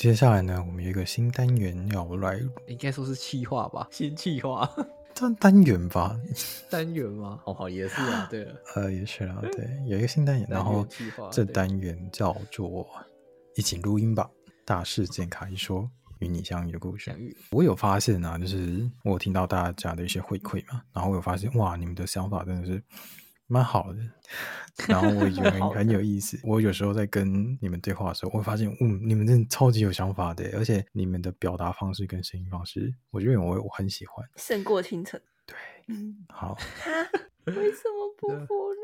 接下來呢，我們有一個新單元要來，應該說是企劃吧，新企劃當單元吧， 單元嗎？哦，好也是啊，對呃，也是啊，對，有一個新單元， 單元然後這單元叫做一起錄音吧，對大事件卡一說與你相遇的故事。遇我有發現啊，就是我聽到大家講的一些回饋嘛，嗯、然後我有發現哇，你們的想法真的是。蠻好的，然後我覺得很有意思。 的我有時候在跟你們對話的時候，我發現，嗯，你們真的超級有想法的，而且你們的表達方式跟聲音方式，我覺得我我很喜歡，勝過傾城。對，嗯，好。 為什麼不服呢？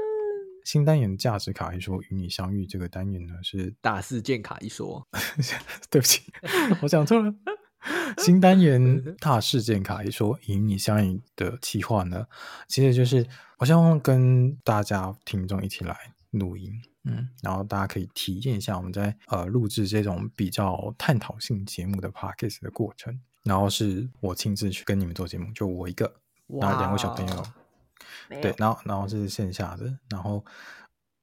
新單元價值卡一說與你相遇，這個單元呢，是大事件卡一說， 對不起，我想錯了。 新單元大事件卡一說，可以說與你相遇的企劃呢，其實就是，我希望跟大家聽眾一起來錄音，嗯，然後大家可以體驗一下我們在呃錄製這種比較探討性節目的 podcast 的過程。然後是我親自去跟你們做節目，就我一個，哇然後兩個小朋友，有對，然後然後這是線下的，然後。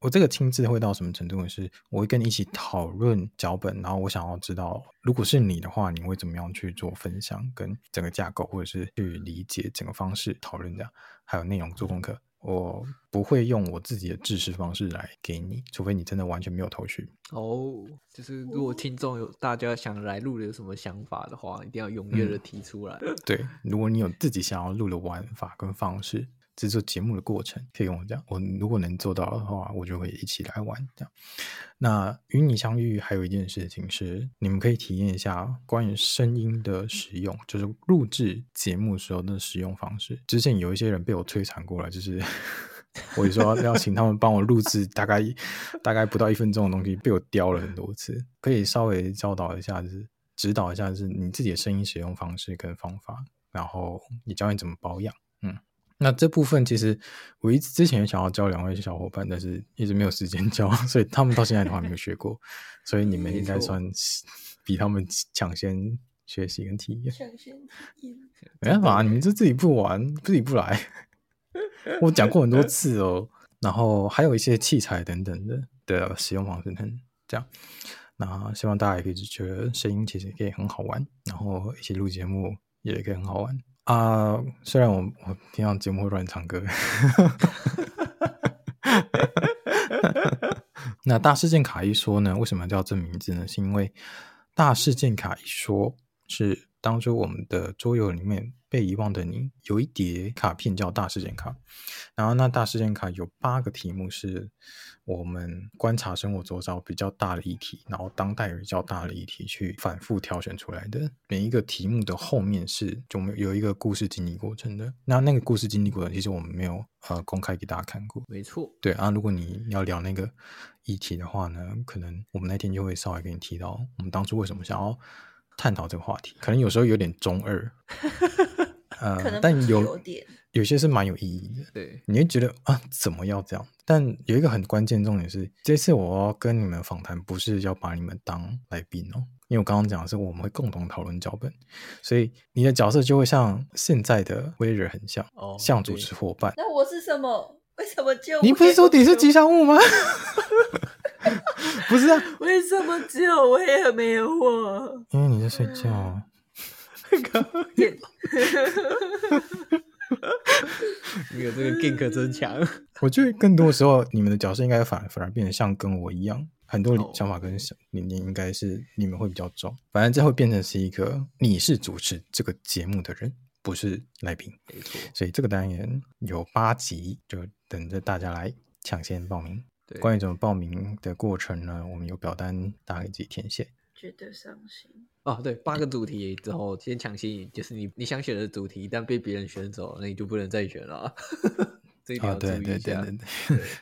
我這個親自會到什麼程度呢？是我會跟你一起討論腳本，然後我想要知道，如果是你的話，你會怎麼樣去做分享，跟整個架構，或者是去理解整個方式討論的，還有內容做功課。我不會用我自己的知識方式來給你，除非你真的完全沒有頭緒。哦，就是如果聽眾有大家想來錄的有什麼想法的話，一定要踴躍的提出來。嗯，對，如果你有自己想要錄的玩法跟方式，製作節目的過程，可以跟我講，我如果能做到的話，我就會一起來玩這樣。那與你相遇還有一件事情是，你們可以體驗一下關於聲音的使用，就是錄製節目時候的使用方式。之前有一些人被我摧殘過來，就是 我就說要，要請他們幫我錄製，大概 大概不到一分鐘的東西，被我雕了很多次。可以稍微教導一下，就是指導一下，就是你自己的聲音使用方式跟方法，然後也教你怎麼保養，嗯。那這部分其實我一直之前也想要教兩位小夥伴，但是一直沒有時間教，所以他們到現在的話沒有學過。 所以你們應該算是比他們搶先學習跟體驗。搶先體驗。沒辦法，你們就自己不玩， 自己不來。 我講過很多次哦。然後還有一些器材等等的的使用方式這樣。那希望大家也可以覺得聲音其實可以很好玩，然後一起錄節目也可以很好玩。啊，uh, 雖然我我聽到節目會亂唱歌。那大事件卡一說呢？為什麼叫這名字呢？是因為大事件卡一說是。當初我們的桌遊裡面被遺忘的你有一疊卡片叫大事件卡，然後那大事件卡有八個題目是，我們觀察生活周遭比較大的議題，然後當代比較大的議題去反復挑選出來的。每一個題目的後面是就有有一個故事經歷過程的。那那個故事經歷過程其實我們沒有呃公開給大家看過。沒錯，對啊，如果你要聊那個議題的話呢，可能我們那天就會稍微給你提到我們當初為什麼想要。探討這個話題，可能有時候有點中二， 呃，可能有但有有點有些是蠻有意義的。對，你會覺得啊，怎麼要這樣？但有一個很關鍵的重點是，這次我要跟你們訪談，不是要把你們當來賓哦。因為我剛剛講的是我們會共同討論腳本，所以你的角色就會像現在的威 e 很像，哦、像主持伙伴。那我是什麼？為什麼就你不是說你是吉祥物嗎？ 不是啊？為什麼只有我也沒有我？因為你在睡覺啊。哈哈哈！哈沒有，這個 Gank 真強。我覺得更多時候，你們的角色應該反而反而變得像跟我一樣，很多想法跟想你你應該是你們會比較重，反正最後變成是一個你是主持這個節目的人，不是來賓。沒錯。所以這個單元有八集，就等着大家來搶先報名。對關於怎麼報名的過程呢？我們有表單，大家自己填寫。覺得傷心哦、啊，對，八個主題之後先搶先贏，就是你你想選的主題，但被別人選走，那你就不能再選了。 這一點條、啊、對對對對，對，對，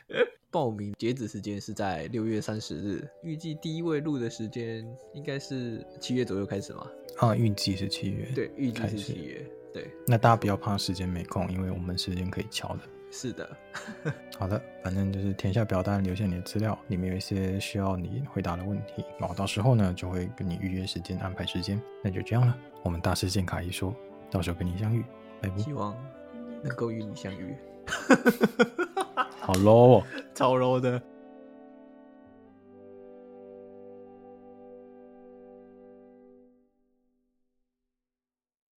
對，報名截止時間是在六月三十日，預計第一位錄的時間應該是七月左右開始嘛？啊，預計是七月，月，對，預計是七月，對。那大家不要怕時間沒空，因為我們時間可以敲的。是的， 好的，反正就是填下表單，留下你的資料，裡面有一些需要你回答的問題，然後到時候呢就會跟你預約時間，安排時間，那就這樣了。我們大事件卡一說，到時候跟你相遇，拜拜。希望能夠與你相遇。 好 low，囉 超 low 的。